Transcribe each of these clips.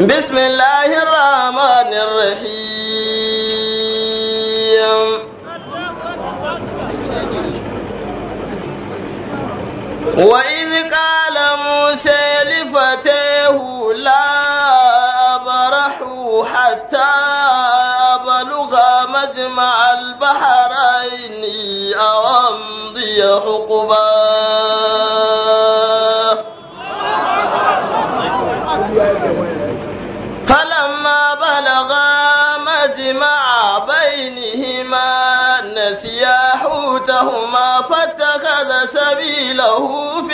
بسم الله الرحمن الرحيم وإذ قال موسى لفتاه لا أبرح حتى أبلغ مجمع البحرين أو أمضي حقباً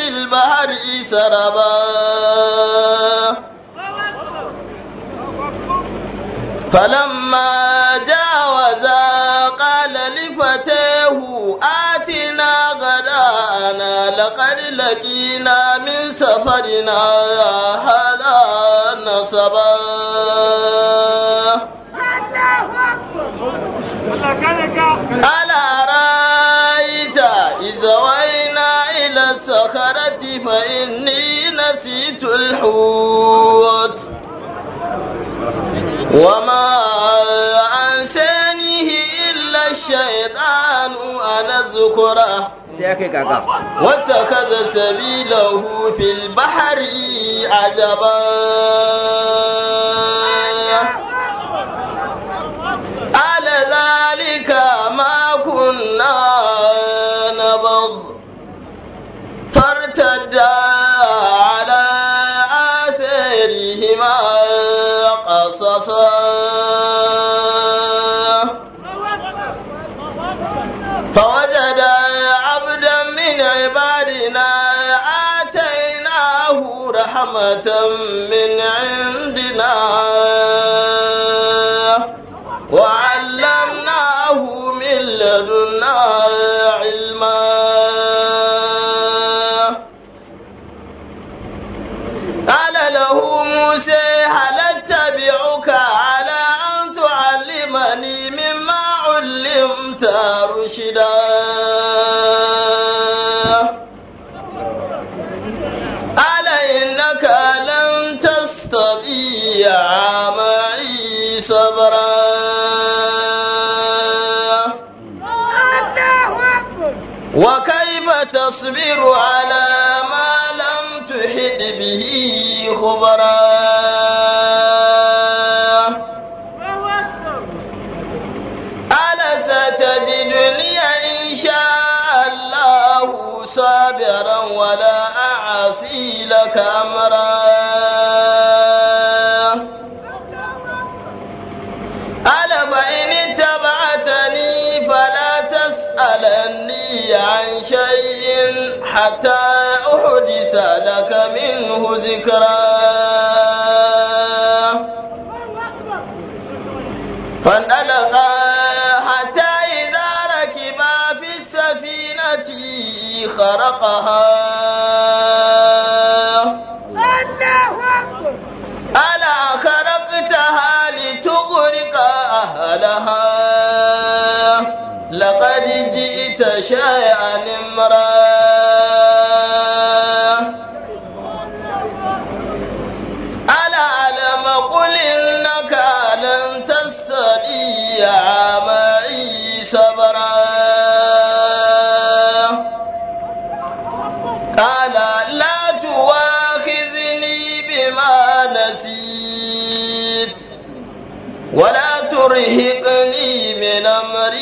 البحر سربا فلما جاوزا قال لفتاه آتنا غدانا لقد لقينا من سفرنا هذا نصبا أكبر الحوت وما عسانه إلا الشيطان أن أذكره واتخذ سبيله في البحر عجبا الكبرى ألا ستجدني إن شاء الله صابرا ولا أعصي لك أمرا ألا فإن اتبعتني فلا تسألني عن شيء حتى ذكراه فانطلقا حتى إذا ركبا في السفينة خرقها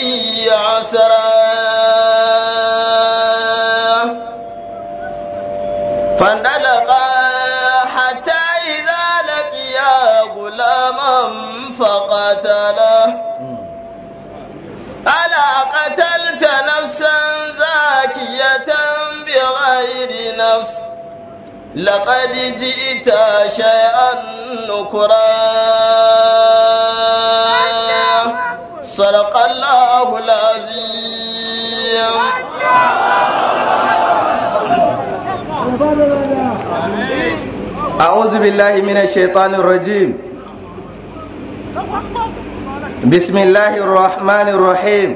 عليه عسرا فانطلقا حتى إذا لقيا غلاما فقتله ألا قتلت نفسا زاكية بغير نفس لقد جئت شيئا نكرا صدق الله العظيم أعوذ بالله من الشيطان الرجيم بسم الله الرحمن الرحيم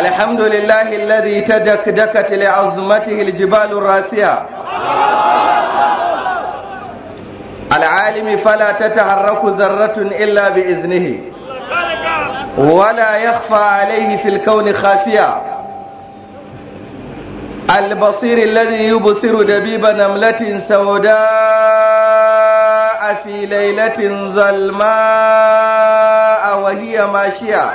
الحمد لله الذي تدكدكت لعظمته الجبال الراسية العالم فلا تتحرك ذرة إلا بإذنه ولا يخفى عليه في الكون خافيا البصير الذي يبصر دبيب نملة سوداء في ليلة ظلماء وهي ماشية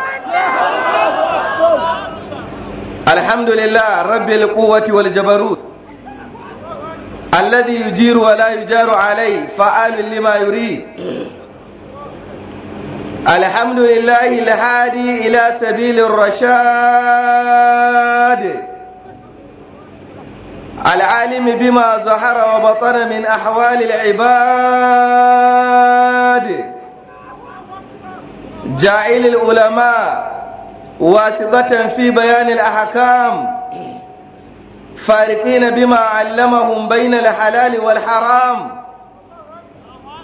الحمد لله رب القوة والجبروت الذي يجير ولا يجار عليه فعال لما يريد الحمد لله الهادي إلى سبيل الرشاد العالم بما ظهر وبطن من أحوال العباد جاعل العلماء واسطة في بيان الأحكام فارقين بما علمهم بين الحلال والحرام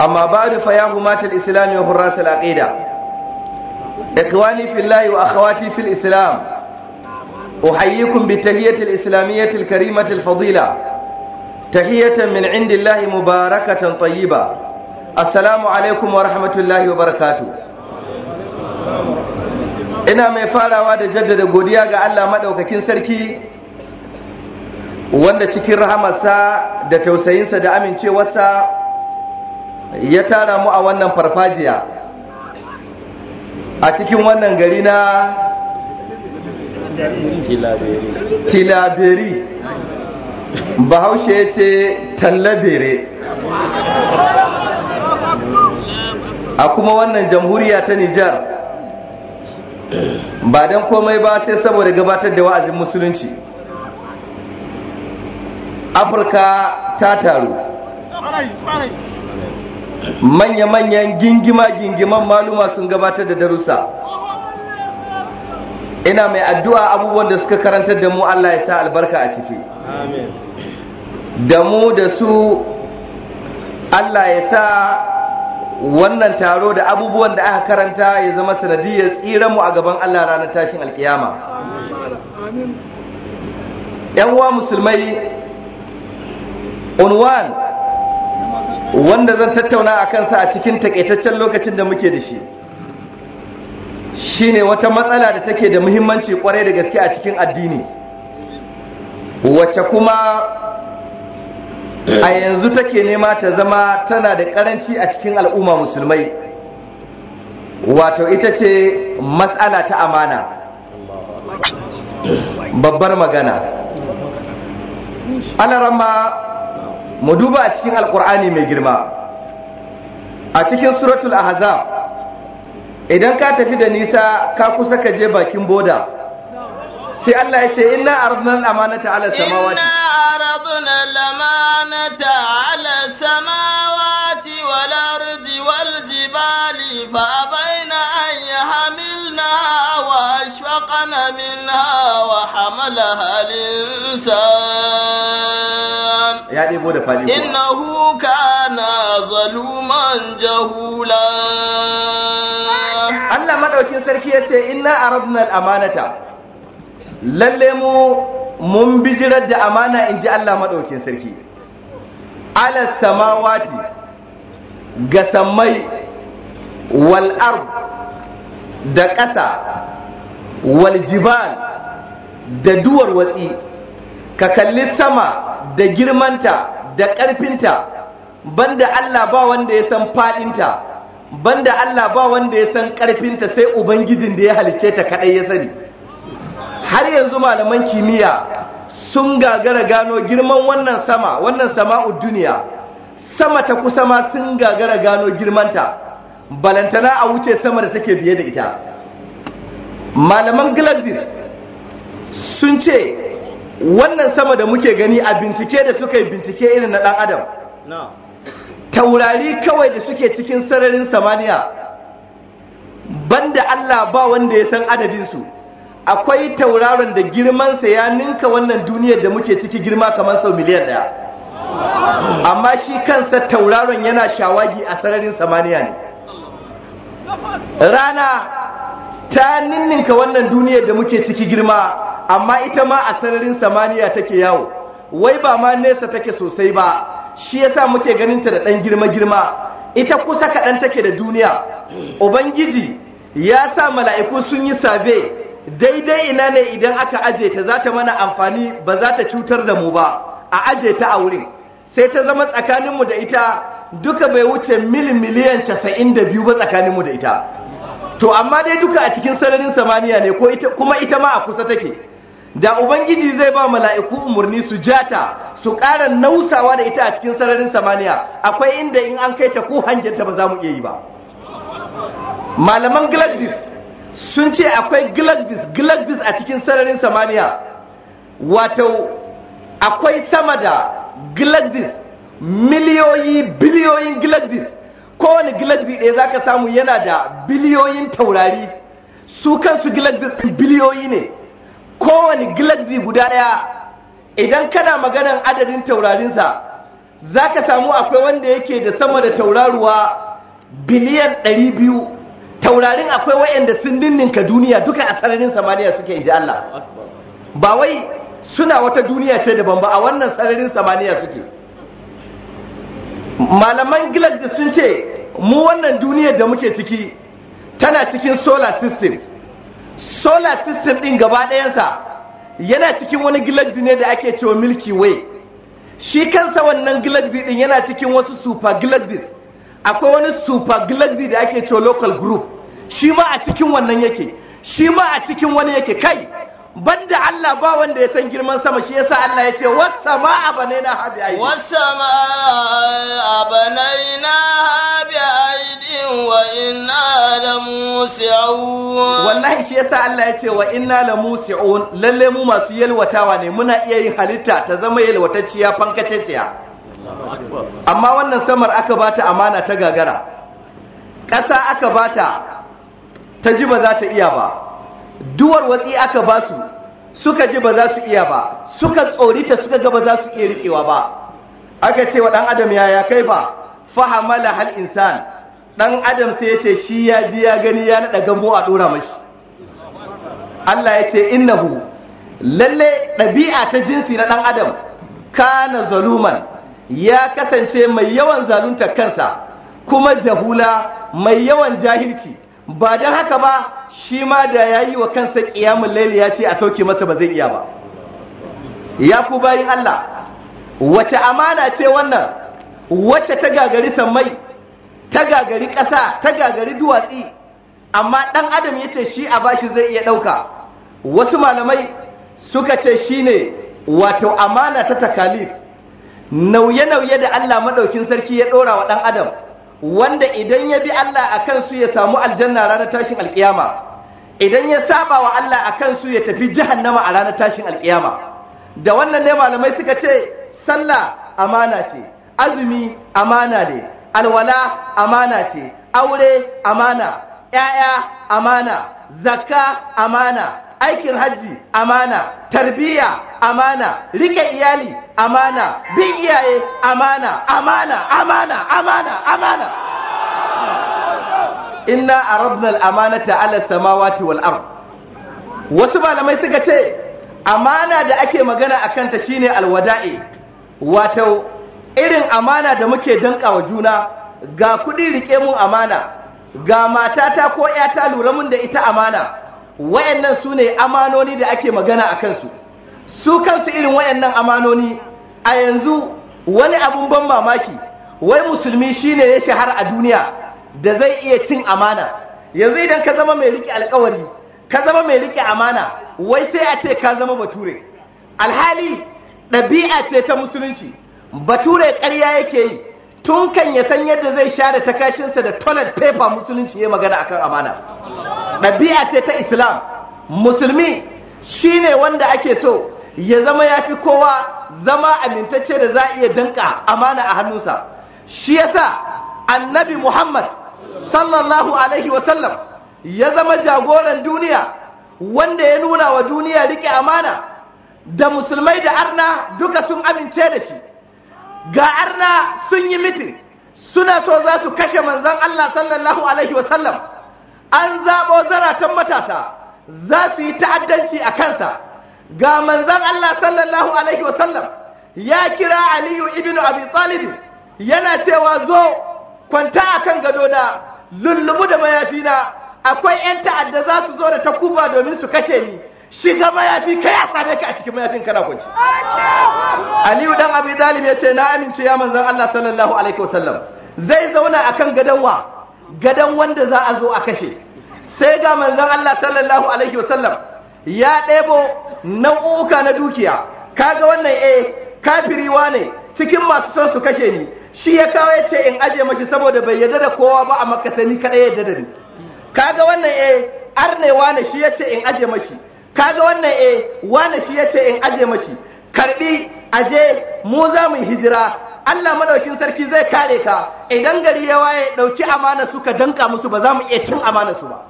amma ba da faya humata al’islami wa hurra salaƙida ikwani fi layi wa kun bi ta hiyata al’islamiyya tilkari matil fadila ta hiyata min inda mubarakatan mu assalamu alaikum wa rahmatullahi wa barakatu ina mai farawa da jaddada godiya ga Allah maɗaukakin sarki wanda cikin rahamarsa da tausayinsa da amincewarsa ya tara mu a wannan farfajiya a cikin wannan gari na tilaberi bahaushe ya ce tallabere a kuma wannan jamhuriya ta nijar ba don komai ba sai saboda gabatar da wa'azin musulunci afirka ta taru manya-manyan gingima-gingiman maluma sun gabatar da darussa ina mai addu'a abubuwan da suka karantar da mu Allah ya sa albarka a ciki da mu da su Allah ya sa wannan taro da abubuwan da aka karanta ya zama sanadiyar tsira mu a gaban Allah ranar tashin alkiyama yan uwa musulmai unwan wanda zan tattauna a kansa a cikin takaitaccen lokacin da muke da shi shi ne wata matsala da take da muhimmanci kwarai da gaske a cikin addini wacce kuma a yanzu take nema ta zama tana da karanci a cikin al'umma musulmai wato ita ce matsala ta amana babbar magana alarama mu duba a cikin alkur'ani mai girma a cikin suratul ahzab idan ka tafi da nisa ka kusa ka je bakin boda sai Allah ya ce inna aradna al-amanata ala samawati inna aradna al-amanata ala samawati wal ardi wal jibali fa abaina an yahmilna wa ashfaqna minha wa hamalaha al-insan ya ɗebo da fali innahu na zaluman jahula Allah madaukin sarki yace inna aradna al-amanata lalle mu mun bijirar da amana in ji Allah madaukin sarki ala samawati ga sammai wal ard da ƙasa wal jibal da duwar watsi ka kalli sama da girmanta da ƙarfinta banda Allah ba wanda ya san faɗinta banda Allah ba wanda ya san ƙarfinta sai ubangijin da ya halicce ta kaɗai ya sani har yanzu malaman kimiyya sun gagara gano girman wannan sama wannan sama'ud duniya sama ta kusa ma sun gagara gano girmanta balantana a wuce sama da take biye da ita malaman gladys sun ce wannan sama da muke gani a bincike da suka yi bincike irin na ɗan adam taurari kawai da suke cikin sararin samaniya banda Allah ba wanda ya san adadinsu akwai tauraron da girmansa ya ninka wannan duniyar da muke ciki girma kamar sau miliyan ɗaya amma shi kansa tauraron yana shawagi a sararin samaniya ne rana ta ninninka wannan duniyar da muke ciki girma amma ita ma a sararin samaniya take yawo wai ba ma nesa take sosai ba shi yasa muke ganinta da ɗan girma-girma ita kusa kaɗan take da duniya ubangiji ya sa mala'iku sun yi sabe daidai ina ne idan aka aje ta za ta mana amfani ba za ta cutar da mu ba a aje ta a wurin sai ta zama tsakaninmu da ita duka bai wuce mil miliyan casa'in da biyu ba tsakaninmu da ita to amma dai duka a cikin sararin samaniya ne kuma ita ma a kusa take da ubangiji zai ba mala'iku umarni su jata su ƙara nausawa da ita a cikin sararin samaniya akwai inda in an kai ta ko ta ba za mu iya yi ba malaman gladys sun ce akwai gladys gladys a cikin sararin samaniya wato akwai sama da gladys miliyoyi biliyoyin gladys kowane gladys ɗaya za ka samu yana da biliyoyin taurari su kansu ɗin biliyoyi ne kowane galaxy guda ɗaya idan kana maganan adadin taurarinsa za ka samu akwai wanda yake da sama da tauraruwa biliyan 200 taurarin akwai wayanda sun ninninka duniya duka a sararin samaniya suke inji Allah ba wai suna wata duniya ce daban ba a wannan sararin samaniya suke malaman galaxy sun ce mu wannan duniyar da muke ciki tana cikin solar system solar system din gaba ɗayansa yana cikin wani galaxy ne da ake cewa milky way shi kansa wannan galaxy din yana cikin wasu super galaxies akwai wani super galaxy da ake cewa local group shi ma a cikin wannan yake shi ma a cikin wani yake kai banda Allah ba wanda ya san girman sama shi yasa Allah ya ce wasa ma abane na habi aidi wasa ma abane na habi aidi wa inna la musi'un wallahi shi yasa Allah yace ce wa inna la musi'un lalle mu masu yalwatawa ne muna iya yin halitta ta zama yalwatacciya fankaceciya amma wannan samar aka bata amana ta gagara ƙasa aka bata ta ji ba za ta iya ba duwar watsi aka ba su suka ji ba za su iya ba suka tsorita suka ga ba za su iya riƙewa ba aka ce wa ɗan adam ya kai ba fahamala hal insan ɗan adam sai ya ce shi ya ji ya gani ya naɗa gambo a ɗora mashi Allah ya ce innahu lalle ɗabi'a ta jinsi na ɗan adam kana zaluman ya kasance mai yawan zalunta kansa kuma jahula mai yawan jahilci ba don haka ba shi ma da ya yi wa kansa ƙiyamun laili ya ce a sauke masa ba zai iya ba ya ku bayin Allah wace amana ce wannan wace ta gagari sammai ta gagari ƙasa ta gagari duwatsi amma ɗan adam ya ce shi a bashi zai iya ɗauka wasu malamai suka ce shi ne wato amana ta takalif nauye-nauye da Allah maɗaukin sarki ya ɗora wa ɗan adam wanda idan ya bi Allah a kansu ya samu aljanna ranar tashin alkiyama idan ya saba wa Allah a kansu ya tafi jahannama a ranar tashin alkiyama da wannan ne malamai suka ce sallah amana ce azumi amana ne alwala amana ce aure amana ‘ya'ya amana, zakka amana, aikin hajji amana, tarbiyya amana rike iyali amana bin iyaye amana amana amana amana amana inna aradna al-amanata ala samawati wal ard wasu malamai suka ce amana da ake magana a kanta shine alwada'i wato irin amana da muke wa juna ga kudi rike mun amana ga matata ko 'yata lura mun da ita amana wayannan sune amanoni da ake magana a kansu su kansu irin wayannan amanoni a yanzu wani abun ban mamaki wai musulmi shine ya shahara a duniya da zai iya cin amana yanzu idan ka zama mai riƙe alkawari ka zama mai riƙe amana wai sai a ce ka zama bature alhali ɗabi'a ce ta musulunci bature ƙarya yake yi tun kan ya san yadda zai share takashinsa da toilet paper musulunci ya magana akan amana ɗabi'a ce ta islam musulmi shine wanda ake so ya zama ya fi kowa zama amintacce da za a iya danka amana a hannunsa shi yasa annabi muhammad sallallahu alaihi wasallam ya zama jagoran duniya wanda ya nuna wa duniya rike amana da musulmai da arna duka sun amince da shi ga arna sun yi mitin suna so za su kashe manzan allah sallallahu alaihi wasallam an zaɓo zaratan matasa za su yi ta'addanci a kansa ga manzan Allah sallallahu alaihi wasallam ya kira aliyu ibn abi talib yana cewa zo kwanta akan gado da lullubu da mayafina akwai 'yan ta'adda za su zo da takuba domin su kashe ni shiga mayafi kai a same ka a cikin mayafin kana kwanci aliyu dan abi Talib ya ce na amince ya manzan Allah sallallahu alaihi wasallam zai zauna akan gadon wa gadon wanda za a zo a kashe sai ga manzan Allah sallallahu alaihi wasallam ya ɗebo nau'uka na dukiya kaga wannan eh kafiriwa ne cikin masu son su kashe ni shi ya kawo ya ce in aje mashi saboda bai yarda da kowa ba a makasani kada ya yarda da ni kaga wannan eh arnewa ne shi ya ce in aje mashi kaga wannan eh wane shi ya ce in aje mashi karbi aje mu za mu hijira Allah madaukin sarki zai kare ka idan gari ya waye dauki amana suka danka musu ba za mu iya cin amana su ba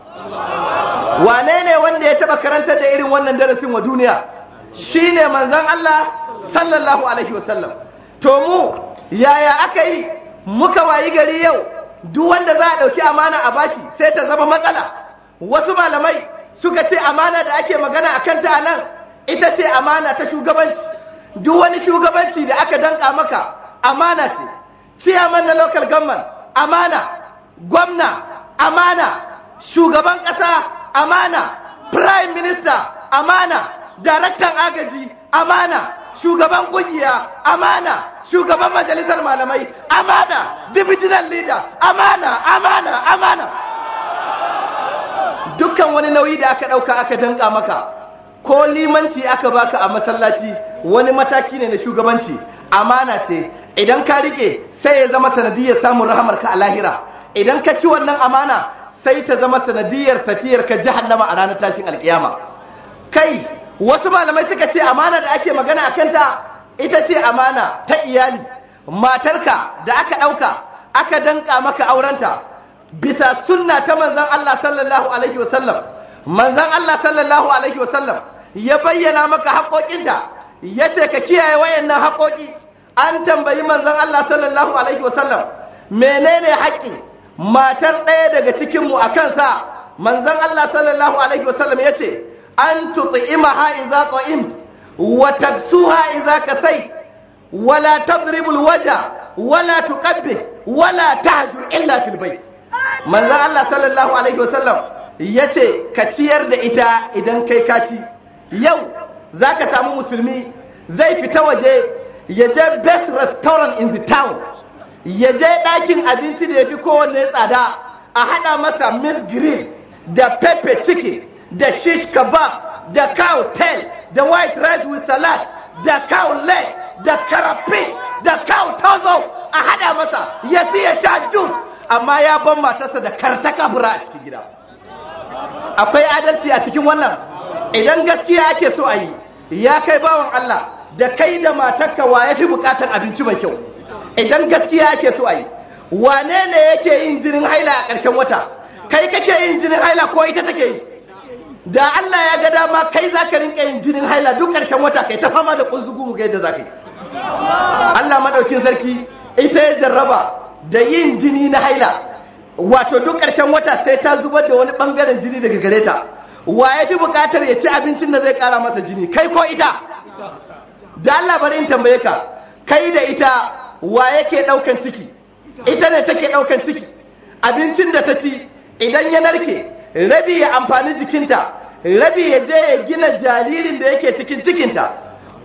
wane ne wanda ya taba karantar da irin wannan darasin wa duniya shi ne manzan Allah sallallahu alaihi wasallam to mu yaya aka yi muka wayi gari yau duk wanda za a ɗauki amana a bashi sai ta zama matsala wasu malamai suka ce amana da ake magana a kanta a nan ita ce amana ta shugabanci duk wani shugabanci da aka danka maka amana ce ciyaman na local government amana gwamna amana shugaban ƙasa amana prime minister amana daraktan agaji amana shugaban ƙungiya, amana shugaban majalisar malamai amana divisional leader amana amana amana dukkan wani nauyi da aka ɗauka aka danka maka ko limanci aka baka a masallaci wani mataki ne na shugabanci amana ce idan ka rike sai ya zama sanadiyar samun rahamarka ka a lahira idan ka ci wannan amana sai ta zama sanadiyar tafiyar ka jahannama a ranar tashin alkiyama kai wasu malamai suka ce amana da ake magana a kanta ita ce amana ta iyali matarka da aka ɗauka aka danka maka aurenta bisa sunna ta manzon Allah sallallahu alaihi wasallam manzon Allah sallallahu alaihi wasallam ya bayyana maka haƙoƙinta ya ce ka kiyaye wayannan haƙoƙi an tambayi manzon Allah sallallahu alaihi wasallam menene haƙƙi matar ɗaya daga cikinmu a kansa manzon Allah sallallahu alaihi wasallam ya ce an tut'imaha idza ta'imt wa taksuha idza kasait wala tadribul waja wala tuqabbi wala tahjur illa fil bait manzon Allah sallallahu alaihi wasallam yace ka ciyar da ita idan kai kaci yau zaka samu musulmi zai fita waje ya je best restaurant in the town ya je ɗakin abinci da ya fi kowanne tsada a haɗa masa mint green da pepper chicken da shish kebab da cow tail da white rice with salad da cow leg da carapace da cow tozo a haɗa masa ya ci ya sha juice amma ya ban matarsa da karta fura a cikin gida akwai adalci a cikin wannan idan gaskiya ake so a yi ya kai bawan Allah da kai da matarka wa ya fi bukatar abinci mai kyau idan gaskiya ake so a yi wane ne yake yin jinin haila a ƙarshen wata kai kake yin jinin haila ko ita take yi da Allah ya ga dama kai zaka ka rinka yin jinin haila duk ƙarshen wata kai ta fama da kunzugu mu ga yadda za yi Allah maɗaukin sarki ita ya jarraba da yin jini na haila wato duk ƙarshen wata sai ta zubar da wani ɓangaren jini daga gare ta wa ya fi buƙatar ya ci abincin da zai ƙara masa jini kai ko ita da Allah bari in tambaye ka kai da ita wa yake daukan ciki ita ne take daukan ciki abincin da ta ci idan ya narke rabi ya amfani jikinta rabi ya je ya gina jaririn da yake cikin cikinta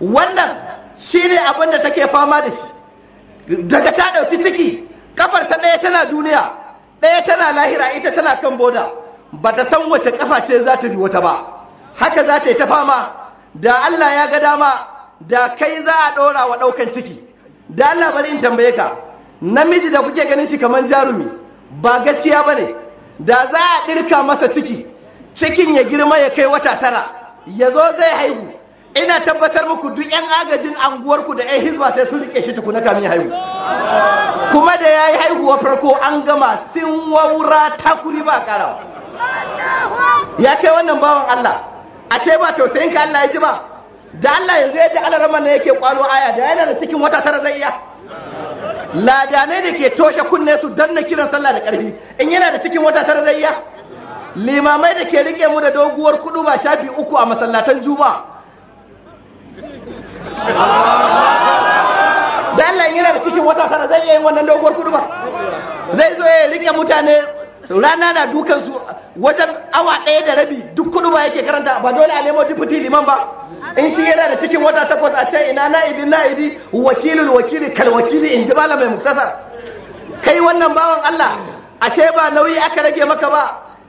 wannan shine abin da take fama da shi daga ta ɗauki ciki kafar ta ɗaya tana duniya ɗaya tana lahira ita tana kan boda ba ta san wace kafa ce za ta bi wata ba haka za ta yi ta fama da Allah ya ga dama da kai za a ɗora wa ɗaukan ciki da Allah bari in tambaye ka namiji da kuke ganin shi kamar jarumi ba gaskiya bane da za a ɗirka masa ciki cikin ya girma ya kai wata tara ya zo zai haihu ina tabbatar muku duk 'yan agajin anguwarku da 'yan hizba sai sun rike shi tukuna kamin haihu kuma da ya yi haihuwa farko an gama sin waura takuri ba karawa ya kai wannan bawan Allah ashe ba tausayin ka Allah ya ji ba da Allah yanzu yadda alarama ne yake kwalo aya da yana da cikin wata tara zai iya ladanai da ke toshe kunne su na kiran sallah da karfi in yana da cikin wata tara zai iya limamai da ke rike mu da doguwar kudu ba shafi uku a masallatan juma. da Allah yana da cikin wata tara zai iya yin wannan doguwar kudu ba zai zo ya rike mutane rana na dukansu wajen awa ɗaya da rabi duk kudu ba yake karanta ba dole a nemo dipiti liman ba in shi yana da cikin wata takwas a ce ina na'ibi na'ibi wakilul wakili kal wakili in ji malamai muktasar kai wannan bawan Allah ashe ba nauyi aka rage maka ba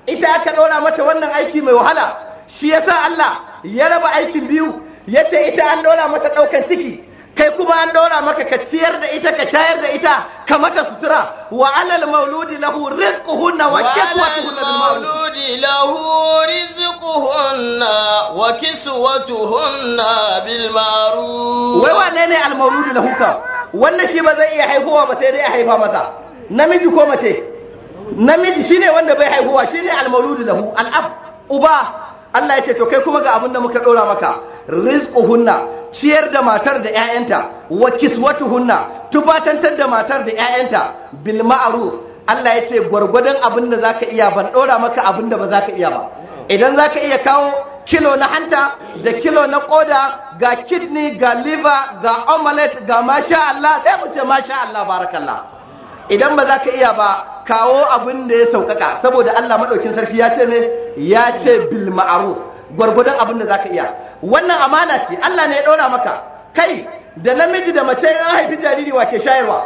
ita aka ɗora mata wannan aiki mai wahala shi yasa Allah ya raba aikin biyu yace ita an ɗora mata ɗaukan ciki kai kuma an daura maka ka ciyar da ita ka shayar da ita ka mata sutura wa alal mauludi lahu rizquhunna wa kiswatuhunna bil ma'ruf mauludi lahu rizquhunna wa kiswatuhunna bil ma'ruf wai wane ne al mauludi lahu ka wannan shi ba zai iya haihuwa ba sai dai a haifa masa namiji ko mace namiji shine wanda bai haihuwa shine al mauludi lahu al ab uba Allah ya ce to kai kuma ga abin da muka ɗora maka rizquhunna ciyar da matar da 'ya'yanta wa hunna tufatantar da matar da 'ya'yanta bil ma'ruf Allah ya ce gwargwadon abin da zaka iya ban ɗora maka abin da ba ka iya ba idan zaka iya kawo kilo na hanta da kilo na koda ga kidney ga liver ga omelette ga masha Allah sai mu ce masha Allah barakallah idan ba zaka iya ba kawo abin da ya sauƙaƙa saboda Allah madaukin sarki ya ce ne ya ce bil ma'ruf gwargwadon abin da zaka iya wannan amana ce Allah ne ya ɗora maka kai da namiji da mace an haifi jariri wa ke shayarwa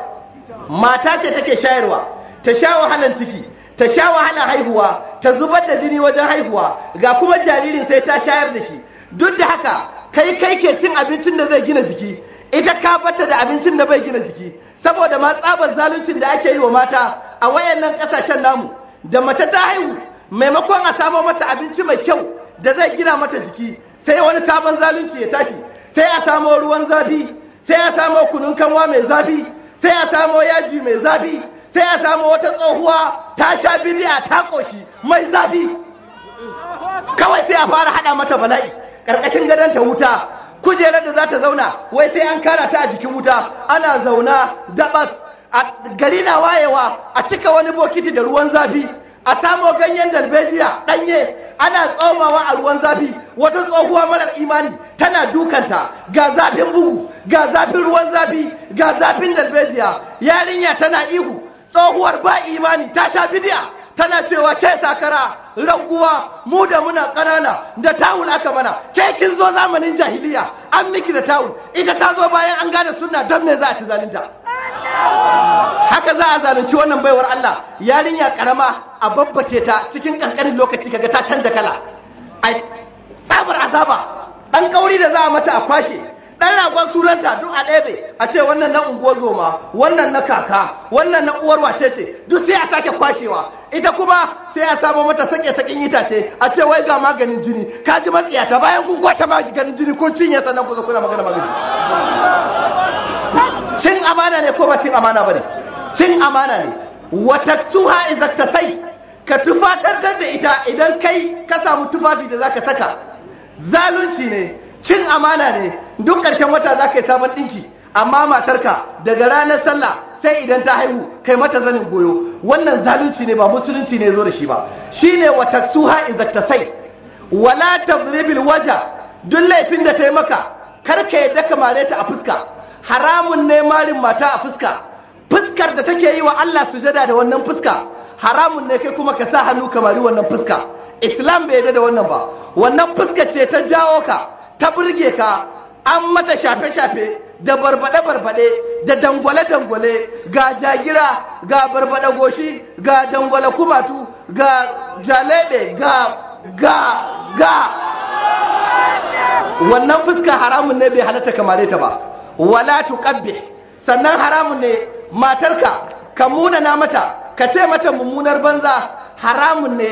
mata ce take shayarwa ta sha wahalan ciki ta sha wahalan haihuwa ta zubar da jini wajen haihuwa ga kuma jaririn sai ta shayar da shi duk da haka kai kai ke cin abincin da zai gina jiki ita ka bata da abincin da bai gina jiki saboda ma tsabar zaluncin da ake yi wa mata a wayannan kasashen namu da mace ta haihu maimakon a samo mata abinci mai kyau da zai gina mata jiki sai wani sabon zalunci ya tashi sai a samo ruwan zafi sai a samo kunun kanwa mai zafi sai a samo yaji mai zafi sai a samo wata tsohuwa ta sha biriya ta koshi mai zafi kawai sai a fara hada mata bala'i karkashin gadon ta wuta kujerar da za ta zauna wai sai an kara ta a jikin wuta ana zauna dabas a gari na wayewa a cika wani bokiti da ruwan zafi a samo ganyen dalbejiya ɗanye ana tsomawa a ruwan zafi wata tsohuwa marar imani tana dukanta ga zafin bugu ga zafin ruwan zafi ga zafin dalbejiya yarinya tana ihu tsohuwar ba imani ta sha bidiya tana cewa ke sakara raguwa mu da muna ƙanana da tawul aka mana ke kin zo zamanin jahiliya an miki da tawul ita ta zo bayan an gane suna don me za a ci zalinta haka za a zalunci wannan baiwar Allah yarinya karama a babbake ta cikin kankanin lokaci kaga ta canza kala ai tsabar azaba dan kauri da za a mata a kwashe dan ragon sunanta duk a ɗebe a ce wannan na unguwar zoma wannan na kaka wannan na uwar wace ce duk sai a sake kwashewa ita kuma sai a samu mata sake sakin itace a ce wai ga maganin jini ka ji matsiya ta bayan kun kwashe maganin jini ko cinye sannan ku zo kuna magana maganin cin amana ne ko ba cin amana ba ne cin amana ne wata suha izakta sai ka tufatar da ita idan kai ka samu tufafi da zaka saka zalunci ne cin amana ne duk ƙarshen wata za ka yi sabon ɗinki amma matarka daga ranar sallah sai idan ta haihu kai mata zanin goyo wannan zalunci ne ba musulunci ne zo da shi ba shine wa taksuha izaktasai wala tadribil waja duk laifin da ta maka kar ka yadda ka mare ta a fuska haramun ne marin mata a fuska fuskar da take yi wa Allah sujada da wannan fuska haramun ne kai kuma ka sa hannu ka mari wannan fuska islam bai yarda da wannan ba wannan fuska ce ta jawo ka ta burge ka an mata shafe-shafe da barbade-barbade da dangwale-dangwale ga jagira ga barbade goshi ga dangwale kumatu ga jalebe ga ga ga wannan fuska haramun ne bai halatta kamare ta ba wala tuqabbi sannan haramun ne matarka ka munana mata ka ce mata mummunar banza haramun ne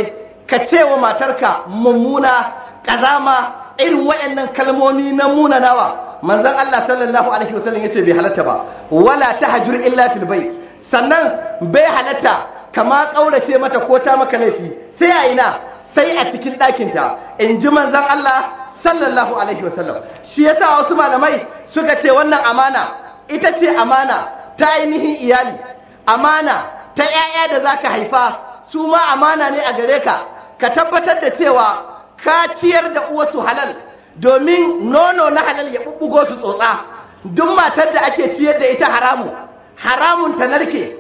ka ce wa matarka mummuna kazama irin waɗannan kalmomi na munanawa manzon Allah sallallahu alaihi wasallam yace bai halatta ba wala ta tahjur illa fil bayt sannan bai halatta kama kaurace mata ko ta maka laifi sai a ina sai a cikin ɗakinta in ji manzon Allah sallallahu alaihi wasallam shi yasa wasu malamai suka ce wannan amana ita ce amana ta ainihin iyali amana ta 'ya'ya da zaka haifa su ma amana ne a gare ka ka tabbatar da cewa ka ciyar da uwarsu halal domin nono na halal ya bubbugo su tsotsa duk matar da ake ciyar da ita haramu haramun ta narke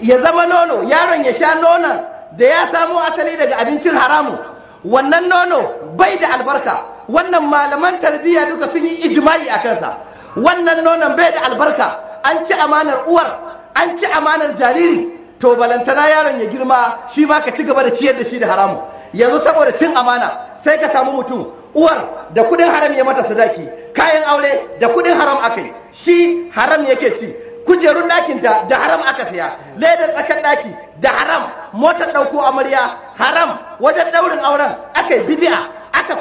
ya zama nono yaron ya sha nonon da ya samo asali daga abincin haramu wannan nono bai da albarka wannan malaman tarbiyya duka sun yi ijma'i a kansa wannan nonon bai da albarka an ci amanar uwar an ci amanar jariri to balantana yaron ya girma shi ma ka ci gaba da ciyar da shi da haramu yanzu saboda cin amana sai ka samu mutum uwar da kudin haram ya mata sadaki kayan aure da kudin haram akai shi haram yake ci kujerun ɗakin ta da haram aka saya. ledar tsakar ɗaki da haram motar ɗauko amarya haram wajen ɗaurin auren aka yi bidi'a aka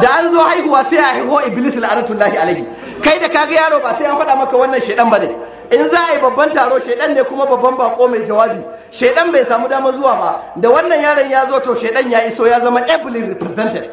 da an zo haihuwa sai a haihuwa iblis la'anatullahi alaihi kai da kaga yaro ba sai an faɗa maka wannan shedan ne. in za a yi babban taro shedan ne kuma babban bako mai jawabi shedan bai samu dama zuwa ba da wannan yaron ya zo to shedan ya iso ya zama ably represented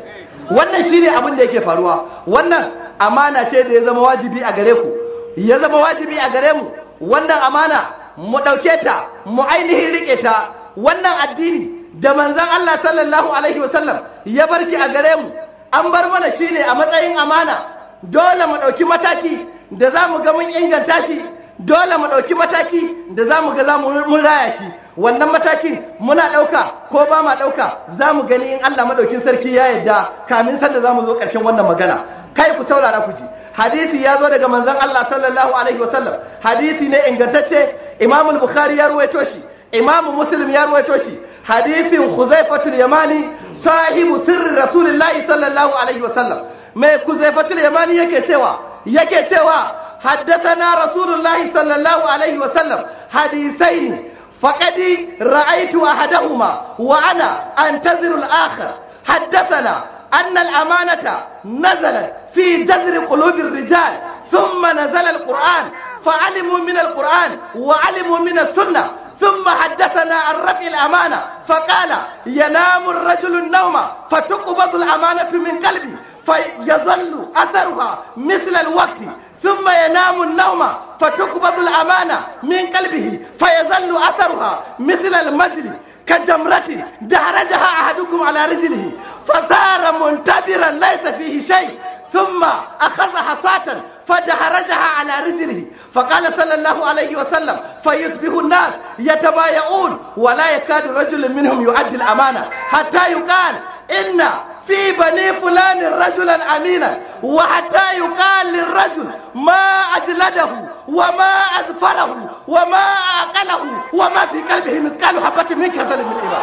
wannan shine abin da yake faruwa wannan amana ce da ya zama wajibi a gare ku ya zama wajibi a gare mu wannan amana mu ɗauke ta mu ainihin riƙe ta wannan addini da manzan Allah sallallahu alaihi wasallam ya bar shi a gare mu an bar mana shi ne a matsayin amana dole mu ɗauki mataki da za mu ga mun inganta shi dole mu ɗauki mataki da za mu ga za mu raya shi wannan matakin muna ɗauka ko ba ma ɗauka za mu gani in Allah maɗaukin sarki ya yarda kamin sanda za mu zo ƙarshen wannan magana kai ku saurara ku ji hadisi ya zo daga manzon Allah sallallahu alaihi wasallam hadisi ne ingantacce Imamul Bukhari ya ruwaito shi Imamul Muslim ya ruwaito shi حديث خزيفة اليماني صاحب سر رسول الله صلى الله عليه وسلم ما خزيفة اليماني يكتوى يكتوى حدثنا رسول الله صلى الله عليه وسلم حديثين فقد رأيت أحدهما وأنا أنتظر الآخر حدثنا أن الأمانة نزلت في جذر قلوب الرجال ثم نزل القرآن فعلموا من القرآن وعلموا من السنة ثم حدثنا عن رفع الأمانة فقال ينام الرجل النوم فتقبض الأمانة من قلبي فيظل أثرها مثل الوقت ثم ينام النوم فتقبض الأمانة من قلبه فيظل أثرها مثل المجري كجمرة دحرجها أحدكم على رجله فصار منتبرا ليس فيه شيء ثم أخذ حصاة فدحرجها على رجله فقال صلى الله عليه وسلم فيصبح الناس يتبايعون ولا يكاد رجل منهم يؤدي الأمانة حتى يقال إن في بني فلان رجلا أمينا وحتى يقال للرجل ما أجلده وما أذفره وما اعقله وما في قلبه مثقال حبة من كذل من الامام.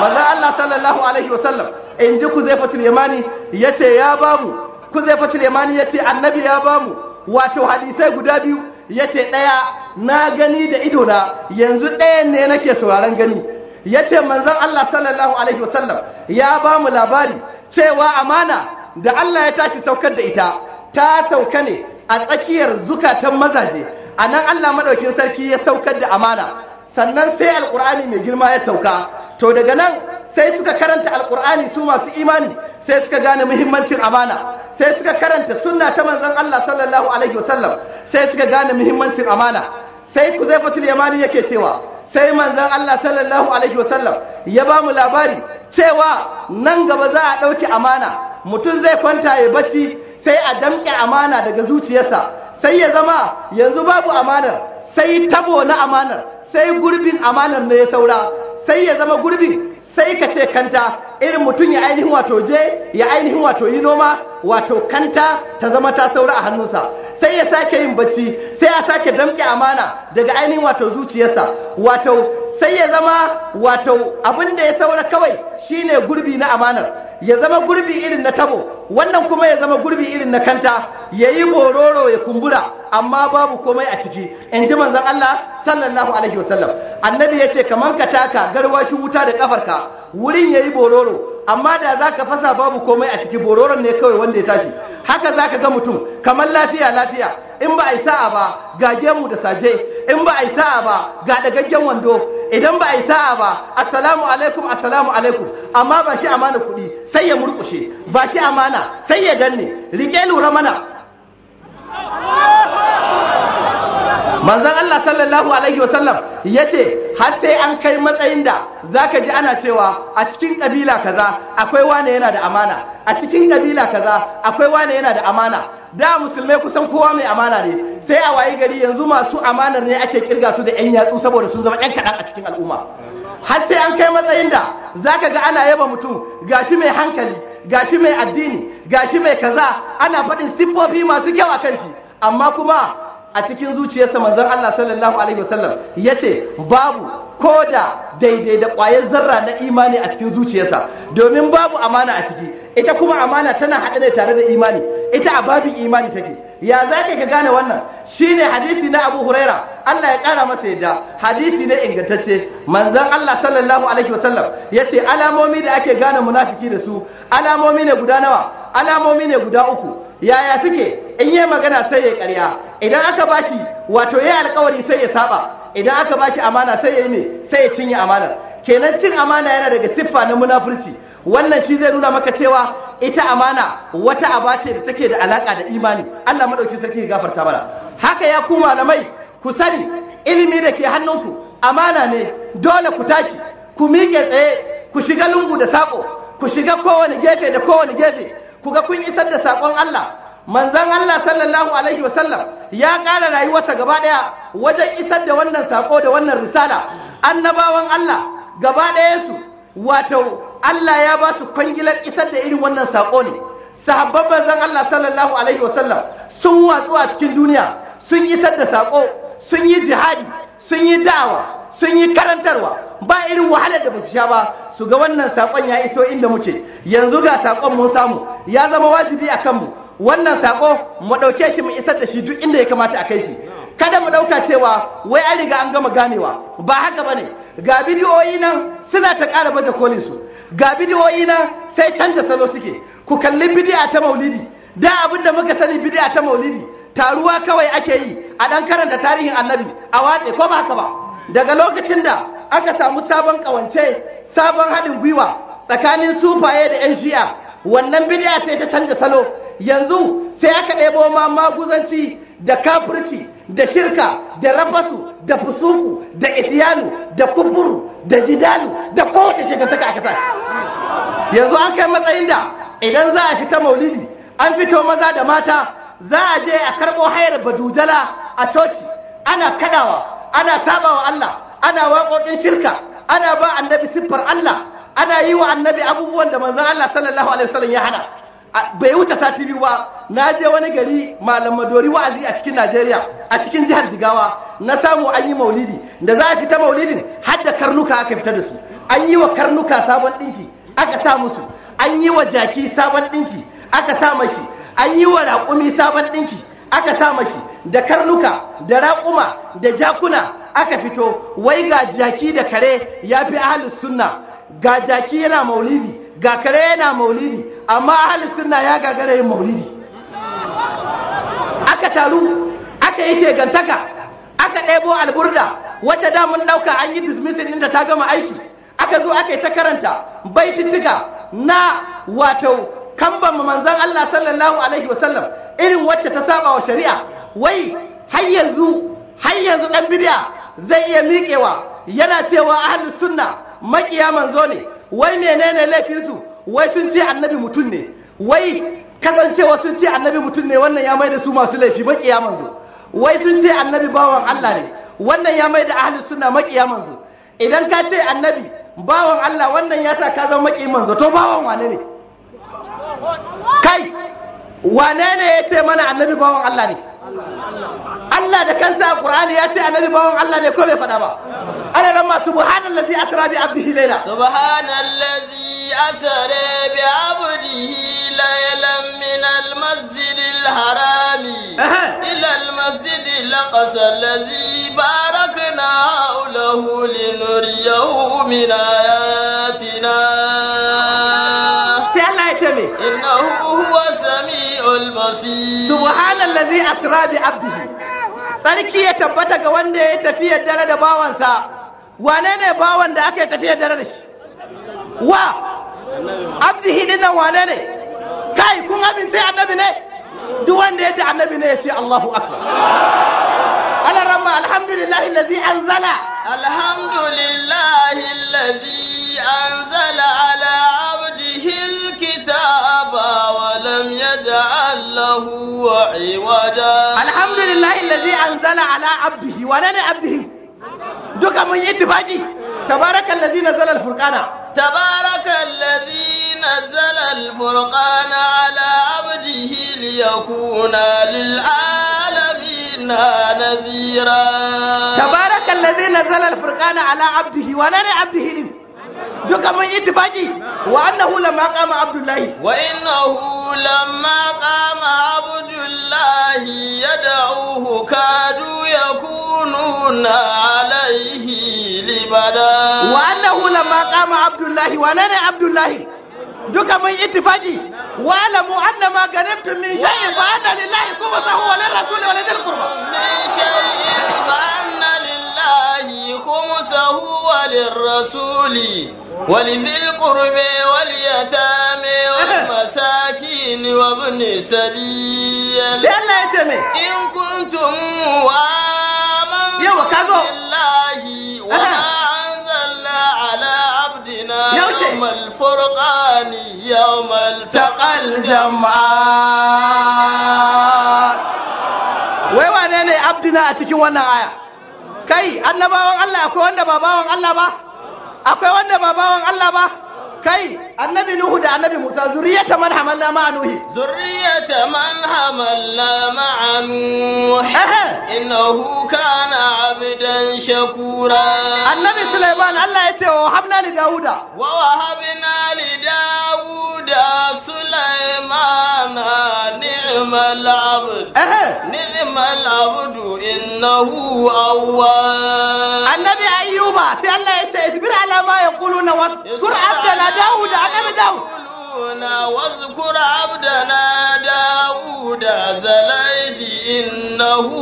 ماذا الله صلى الله عليه وسلم إن جكو زيفة اليماني يتي يا بابو kuzaifatul yamani yace annabi ya bamu wato hadisai guda biyu yace ɗaya na gani da ido na yanzu ɗaya ne nake sauraron gani yace manzon Allah sallallahu alaihi wasallam ya bamu labari cewa amana da Allah ya tashi saukar da ita ta sauka ne a tsakiyar zukatan mazaje a nan Allah maɗaukin sarki ya saukar da amana sannan sai alkur'ani mai girma ya sauka to daga nan sai suka karanta alkur'ani su masu imani sai suka gane muhimmancin amana sai suka karanta sunna ta manzon Allah sallallahu alaihi wasallam sai suka gane muhimmancin amana sai Kuzaifatul Yamani yake cewa sai manzon Allah sallallahu alaihi wasallam ya ba mu labari cewa nan gaba za a ɗauki amana mutum zai kwanta ya bacci sai a damke amana daga zuciyarsa sai ya zama yanzu babu amanar sai tabo na amanar sai gurbin amanar ne ya saura sai ya zama gurbin sai ka ce kanta irin mutum ya ainihin wato je ya ainihin wato yi noma wato kanta ta zama ta saura a hannunsa sai ya sake yin bacci sai ya sake damke amana daga ainihin wato zuciyarsa wato sai ya zama wato abin da ya saura kawai shine gurbi na amanar ya zama gurbi irin na tabo wannan kuma ya zama gurbi irin na kanta ya yi bororo ya kumbura amma babu komai a ciki in ji manzon Allah sallallahu alaihi wasallam annabi ya ce kamar ka taka garwashi wuta da kafarka wurin yayi bororo amma da zaka fasa babu komai a ciki bororon ne kawai wanda ya tashi haka zaka ga mutum kamar lafiya lafiya in ba a yi sa'a ba ga gemu da saje in ba a yi sa'a ba ga dagaggen wando idan ba a yi sa'a ba assalamu alaikum assalamu alaikum amma ba shi amana kuɗi sai ya murkushe ba shi amana sai ya ganne rike lura mana manzon Allah sallallahu alaihi wasallam ce har sai an kai matsayin da zaka ji ana cewa a cikin kabila kaza akwai wane yana da amana a cikin kabila kaza akwai wane yana da amana da musulmai kusan kowa mai amana ne sai a wayi gari yanzu masu amanar ne ake kirga su da yan yatsu saboda sun zama yan kaɗan a cikin al'umma har sai an kai matsayin da zaka ga ana yaba mutum gashi mai hankali gashi mai addini gashi mai kaza ana faɗin siffofi masu kyau akan shi amma kuma a cikin zuciyarsa manzon Allah sallallahu alaihi wasallam yace babu koda daidai da ƙwayar zarra na imani a cikin zuciyarsa domin babu amana a ciki ita kuma amana tana haɗe ne tare da imani ita a babin imani take ya zaka ka gane wannan shine hadisi na abu huraira allah ya kara masa yadda hadisi ne ingantacce manzon allah sallallahu alaihi wasallam yace alamomi da ake gane munafiki da su alamomi ne guda nawa alamomi ne guda uku yaya suke in yi magana sai ya karya idan aka bashi wato ya alkawari sai ya saba idan aka bashi amana sai ya yi me sai ya cinye amanar kenan cin amana yana daga siffa na munafurci wannan shi zai nuna maka cewa ita amana wata aba ce da take da alaka da imani Allah madauki sarki gafarta mana haka ya ku malamai ku sani ilimi da ke hannunku amana ne dole ku tashi ku miƙe tsaye ku shiga lungu da saƙo, ku shiga kowane gefe da kowane gefe Ku ga kun isar da sakon Allah manzan Allah sallallahu alaihi wasallam ya ƙara rayuwarsa gaba ɗaya wajen isar da wannan sako da wannan risala annabawan Allah gaba su wato Allah ya ba su kwangilar isar da irin wannan sako ne sahabban manzan Allah sallallahu alaihi wasallam sun watsu a cikin duniya sun isar da saƙo, sun yi jihadi sun yi da'awa sun yi karantarwa ba irin wahalar da ba su sha ba su ga wannan sakon ya iso inda muke yanzu ga sakon mun samu ya zama wajibi a kanmu wannan sako mu ɗauke shi mu isar da shi duk inda ya kamata a kai shi kada mu ɗauka cewa wai an riga an gama ganewa ba haka ba ne ga bidiyoyi nan suna ta ƙara baje kolin su ga bidiyoyi nan sai canza salo suke ku kalli bidiya ta maulidi da abin da muka sani bidiya ta maulidi taruwa kawai ake yi a ɗan karanta tarihin annabi a watse ko ba haka ba daga lokacin da aka samu sabon kawance sabon haɗin gwiwa tsakanin sufaye da 'yan shi'a wannan bidiya sai ta canza salo yanzu sai aka ɗebo ma maguzanci da kafirci da shirka da rafasu da fusuku da isiyanu da kuburu da jidalu da kowace saka aka sace. yanzu an kai matsayin da idan za a shi ta maulidi an fito maza da mata za a je a karɓo hayar badujala a coci ana kaɗawa ana saba wa Allah ana waƙoƙin shirka ana ba annabi siffar Allah ana yi wa annabi abubuwan da manzon Allah sallallahu alaihi wasallam ya hada bai wuce sati biyu ba na je wani gari malam madori wa'azi a cikin Najeriya a cikin jihar Jigawa na samu an yi maulidi da za a fita maulidin har da karnuka aka fita da su an yi wa karnuka sabon dinki aka sa musu an yi wa jaki sabon dinki aka sa mashi an yi wa raƙumi sabon dinki aka sa mashi da karnuka da raƙuma da jakuna aka fito wai ga jaki da kare ya fi ahalus sunna ga jaki yana maulidi ga kare yana maulidi amma ahalus sunna ya gagara yin maulidi aka taru aka yi shegantaka aka ɗebo alburda wacce da mun ɗauka an yi in inda ta gama aiki aka zo aka yi ta karanta baitittuka na wato kan manzon Allah sallallahu alaihi wasallam irin wacce ta saba wa shari'a wai har yanzu har yanzu dan bidiya zai iya miƙewa yana cewa ahlus sunna makiya manzo ne wai menene laifin su wai sun ce annabi mutum ne wai kasancewa sun ce annabi mutum ne wannan ya mai da su masu laifi makiya manzo wai sun ce annabi bawan Allah ne wannan ya mai da ahlus sunna makiya manzo idan ka ce annabi bawan Allah wannan ya sa ka zama makiya manzo to bawan wane ne kai wane ne ya ce mana annabi bawan Allah ne Allah da kansa a Qur'ani ya ce annabi bawan Allah ne ko bai faɗa ba ana nan ma subhanallazi asra bi abdihi laila subhanallazi asra bi abdihi laylan min almasjidil harami ila almasjidil aqsa allazi barakna lahu linuriyahu min ayatina sai Allah ya ce me innahu huwa البصير lazi الذي أسرى بعبده sarki ya tabbata ga wanda ya tafiya dare da bawansa wane ne bawan da aka yi tafiya dare da shi wa abdihi dinnan wane ne kai kun amince annabi ne duk wanda ya ji annabi ne ya ce Allahu akbar ala ramma alhamdulillah lazi anzala alhamdulillah allazi anzala ala abdihi الكتاب ولم يجعل له عوجا الحمد لله الذي أنزل على عبده ولنا عبده دوكا من يتفاجي تبارك الذي نزل الفرقان تبارك الذي نزل الفرقان على عبده ليكون للعالمين نذيرا تبارك الذي نزل الفرقان على عبده ولنا عبده duka mun ittifaki wa annahu lamma qama abdullahi wa innahu lamma qama abdullahi yad'uhu kadu yakununa alaihi libada wa annahu lamma qama abdullahi wa nana abdullahi duka mun ittifaki wa alamu anna ma ganimtum min shay'in fa anna lillahi khumsahu wa lirrasuli wa lidhil qurba min shay'in fa الله خمسه وللرسول ولذي القرب واليتامى والمساكين وابن سبيل إن كنتم آمنتم بالله وما أنزلنا على عبدنا يوم الفرقان يوم التقى الجمعان wai wane ne abdina a cikin wannan aya kai annabawan Allah akwai wanda ba bawan Allah ba akwai wanda ba bawan Allah ba kai annabi nuhu da annabi musa zuriyata man hamalna ma'a nuhi zuriyata man hamalna ma'a nuhi innahu kana abdan shakura annabi sulaiman Allah ya ce wa habna li dauda wa wahabna li dauda sulaiman ni'mal abd ni'mal abd innahu awwab annabi ayyuba sai Allah ya ce ibra ala ma yaquluna wa sur'atana داود على داود فرعون واذكر عبدنا داود زليد إنه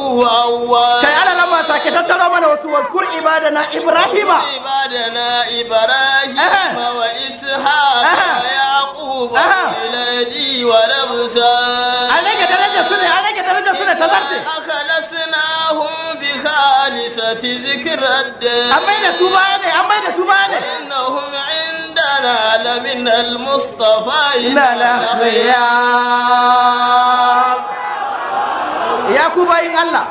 أواب كي لما ساكي تترى من واذكر عبادنا إبراهيم عبادنا إبراهيم وإسحاق ويعقوب وإلهي ولمسان عليك درجة سنة عليك درجة سنة تذرتي أخلصناهم بخالصة ذكر الدين أمين سبحانه أمين سبحانه إنهم عندنا لمن المصطفى وبين الخيار يا كوباين الله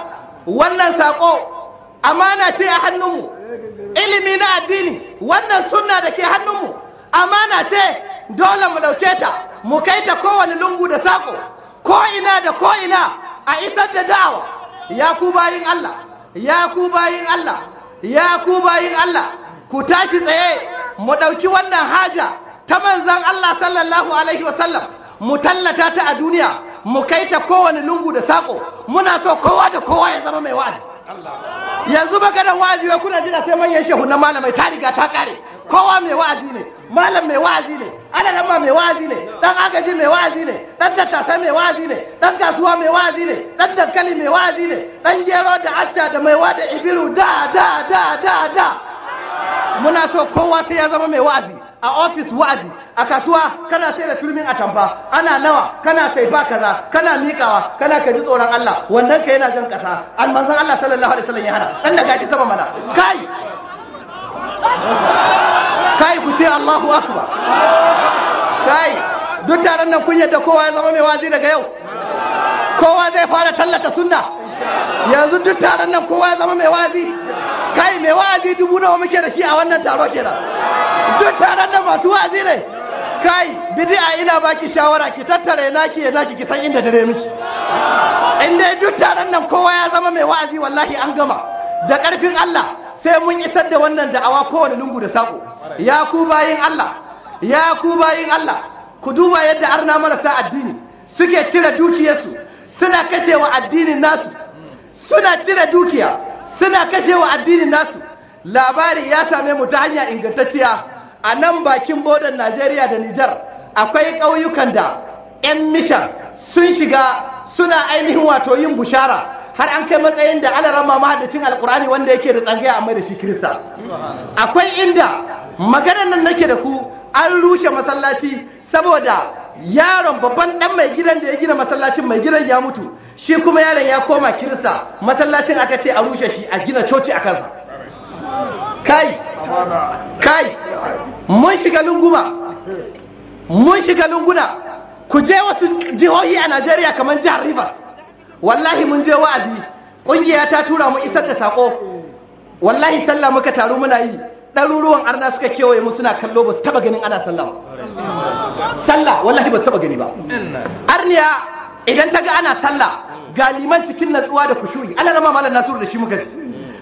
wannan sako amana ce a hannunmu ilimi na addini wannan sunna da ke hannunmu amana ce dole mu ɗauke ta mu kai ta kowane lungu da sako ko ina da ko ina a isar da da'awa ya ku bayin Allah ya ku bayin Allah ya ku bayin Allah ku tashi tsaye mu ɗauki wannan haja ta manzan Allah sallallahu alaihi wasallam mu tallata ta a duniya mu kai ta kowane lungu da sako muna so kowa da kowa ya zama mai wa'azi yanzu da wa'azi wa kuna jira sai manyan shehu na malamai ta riga ta kare kowa mai wa'azi ne malam mai wa'azi ne alalama mai wa'azi ne dan agaji mai wa'azi ne dan tattasa mai wa'azi ne dan kasuwa mai wa'azi ne dan dankali mai wa'azi ne dan gero da acca da wa da ibiru da da da da da muna so kowa sai ya zama mai wa'azi a ofis wa'azi a kasuwa kana sai da turmin atamfa ana nawa kana sai ba kaza kana miƙawa kana kaji tsoron Allah wannan ka yana jan kasa an manzon Allah sallallahu alaihi wasallam ya hana dan daga gaji sama mana kai kai ku ce Allahu akbar kai duk taron nan kun yadda kowa ya zama mai wazi daga yau kowa zai fara tallata sunna yanzu duk taron nan kowa ya zama mai wazi kai mai wa'azi dubu nawa muke da shi a wannan taro kenan duk taron da masu wa'azi ne kai a ina baki shawara ki ya naki ya naki ki san inda dare miki in dai duk taron nan kowa ya zama mai wa'azi wallahi an gama da karfin Allah sai mun isar da wannan da'awa kowane lungu da sako ya ku bayin Allah ya ku bayin Allah ku duba yadda arna marasa addini suke cire dukiyarsu suna kashewa addinin nasu suna cire dukiya suna kashewa addinin nasu labari ya same mu ta hanya ingantacciya a nan bakin bodan Najeriya da Nijar akwai ƙauyukan da 'yan mishan sun shiga suna ainihin wato yin bushara har an kai matsayin da ana rama mahaddacin alkurani wanda yake da tsangaya amma da shi kirista akwai inda maganar nan nake da ku an rushe masallaci saboda yaron babban dan mai gidan da ya gina masallacin mai gidan ya mutu shi kuma yaron ya koma kirsa masallacin aka ce a rushe shi a gina coci a kansa kai kai mun shiga lunguma mun shiga lunguna ku je wasu jihohi a najeriya kamar jihar rivers wallahi mun je wa'azi ƙungiya ta tura mu isar da sako wallahi sallah muka taru muna yi ɗaruruwan arna suka kewaye mu suna kallo ba su taɓa ganin ana sallah sallah wallahi ba su taɓa gani ba arniya idan ta ga ana sallah galiman cikin natsuwa da kushuri ana nama malam nasiru da shi muka ci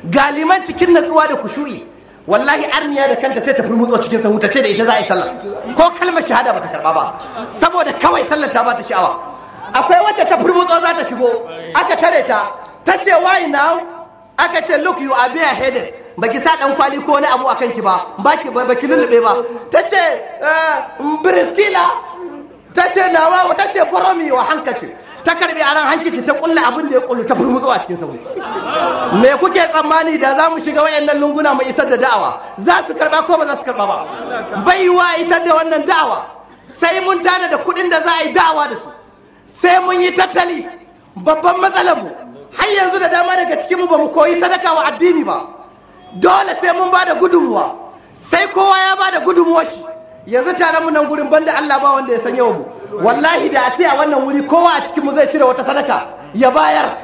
galiman cikin natsuwa da kushuri wallahi arniya da kanta sai ta mutsuwa cikin sahu ta ce da ita za a yi sallah ko kalmar shahada ba ta karba ba saboda kawai sallar ta ba ta sha'awa akwai wata ta mutsuwa za ta shigo aka tare ta ta ce why now aka ce look you are being headed baki sa dan kwali ko wani abu akan ki ba baki baki lullube ba tace eh, briskila ta nawa wa ɗace faromi wa hankace ta karbi a ran hankici ta ƙulla abin da ya ƙullu ta furmutsu a cikin sauri me kuke tsammani da za mu shiga wayannan lunguna mai isar da da'awa za su karba ko ba za su karɓa ba wa isar da wannan da'awa sai mun tana da kuɗin da za a yi da'awa da su sai mun yi tattali babban matsalar mu har yanzu da dama daga cikin mu ba mu koyi sadaka wa addini ba dole sai mun ba da gudunmuwa sai kowa ya ba da gudunmuwar shi yanzu tare mu nan gurin banda Allah ba wanda ya san mu wallahi da a ce a wannan wuri kowa a cikin mu zai cire wata sadaka ya bayar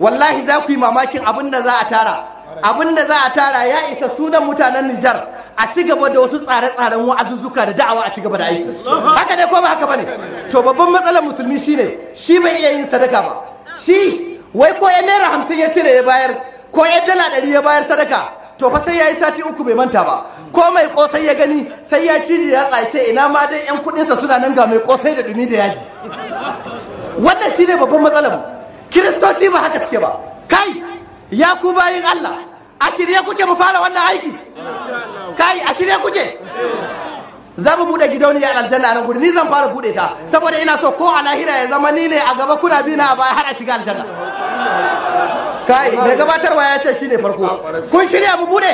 wallahi za ku yi mamakin abin da za a tara abin da za a tara ya isa sunan mutanen Nijar a ci gaba da wasu tsare-tsaren wa'azuzzuka da da'awa a ci gaba da aiki haka ne ko ba haka bane to babban matsalar musulmi shine shi bai iya yin sadaka ba shi wai ko ya naira hamsin ya cire ya bayar ko ya dala ɗari ya bayar sadaka to fa sai yayi sati uku bai manta ba ko mai kosai ya gani sai ya ciri ya sai ina ma dai yan kudin sa suna nan ga mai kosai da dumi da yaji wannan shine babban matsala matsalar kiristoci ba haka suke ba kai ya ku bayin Allah a shirye kuke mu fara wannan aiki kai a shirye kuke za mu buɗe gidauniya a aljanna nan gudu ni zan fara buɗe ta saboda ina so ko a lahira ya zama ni ne a gaba kuna bi na a baya har a shiga aljanna kai mai gabatarwa ya ce shi ne farko kun shirya mu bude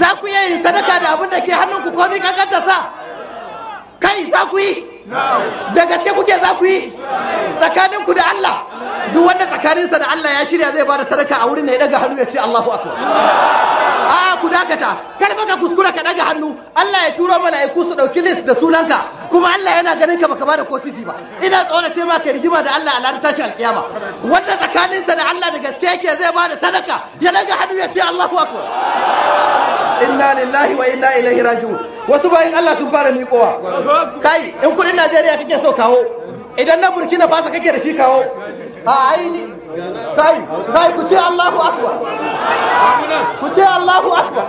za ku yi sadaka da abin da ke hannunku komi kankanta sa kai za ku yi da gaske kuke za ku yi tsakaninku da Allah duk wanda tsakaninsa da Allah ya shirya zai ba da sadaka a wurin da ya daga hannu ya ce Allahu akbar a'a ku dakata kar baka kuskura ka daga hannu Allah ya turo mala'iku su dauki list da sunanka kuma Allah yana ganin ka baka bada kosisi ba ina sai ma ka rigima da Allah a ranar kiyama. alkiyama wanda tsakanin sa da Allah da gaske yake zai bada sadaka ya daga hannu ya ce Allahu akbar inna lillahi wa inna ilaihi raji'un wasu bayin Allah sun fara miƙowa kai in kudin Najeriya kake so kawo idan na Burkina Faso kake da shi kawo a aini sai sai ku ce Allahu akbar ku ce Allahu akbar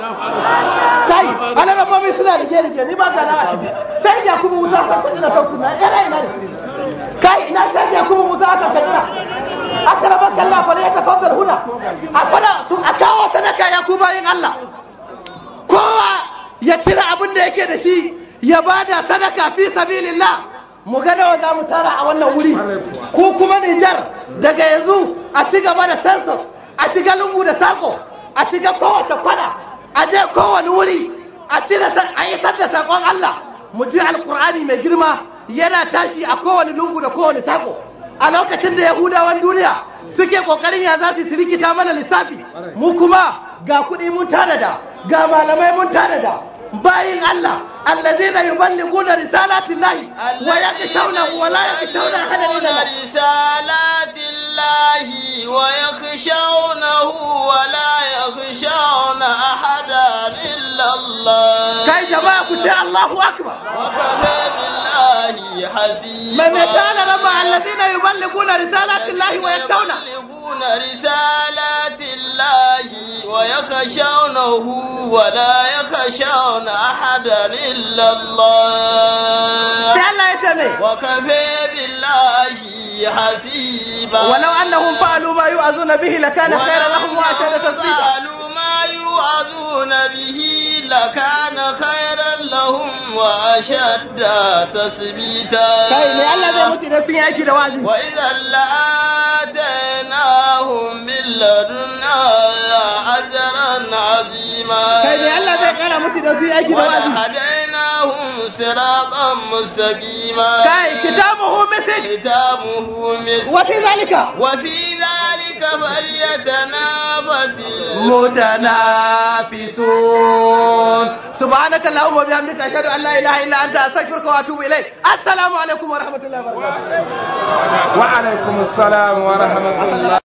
sai ana da mami suna rige rige ni ba ka na sai ya kuma wuta ka sani na sauku na ina ina ne kai ina sai ya kuma wuta ka sani na akara baka Allah fa ya tafaddal huna akala sun akawo sadaka ya ku Allah kowa ya cire abin da yake da shi ya bada sadaka fi sabilillah mu ga nawa za mu tara a wannan wuri ku kuma Nijar daga yanzu a ci gaba da census a shiga lungu da sako a shiga kowace kwana a je kowane wuri a ci da a isar da sakon Allah mu ji alkur'ani mai girma yana tashi a kowane lungu da kowane sako a lokacin da yahudawan duniya suke kokarin ya za su tirikita mana lissafi mu kuma ga kuɗi mun tanada ga malamai mun tanada باين الله الذين يبلغون رسالات الله ويخشونه ولا يخشون احدا الا رسالات الله ويخشونه ولا يخشون احدا الا الله كي جماعه قلت الله اكبر وكفى بالله حسيبا من كان الذين يبلغون رسالات الله ويخشونه يبلغون رسالات الله ويخشونه ولا يخشون أحدا إلا الله وكفى بالله حسيبا ولو أنهم فعلوا ما يؤذون به لكان خيرا لهم وأشد تثبيتا فعلوا ما يوعظون به لكان خيرا لهم وأشد تثبيتا طيب، وإذا لآتيناهم آتيناه من لدنا أجرا عظيما وهديناهم صراطا مستقيما كتابه مثل كتابه مثل وفي ذلك وفي ذلك فليتنافس المتنافسون سبحانك اللهم وبحمدك أشهد أن لا إله إلا أنت أستغفرك وأتوب إليك السلام عليكم ورحمة الله وبركاته وعليكم السلام ورحمة الله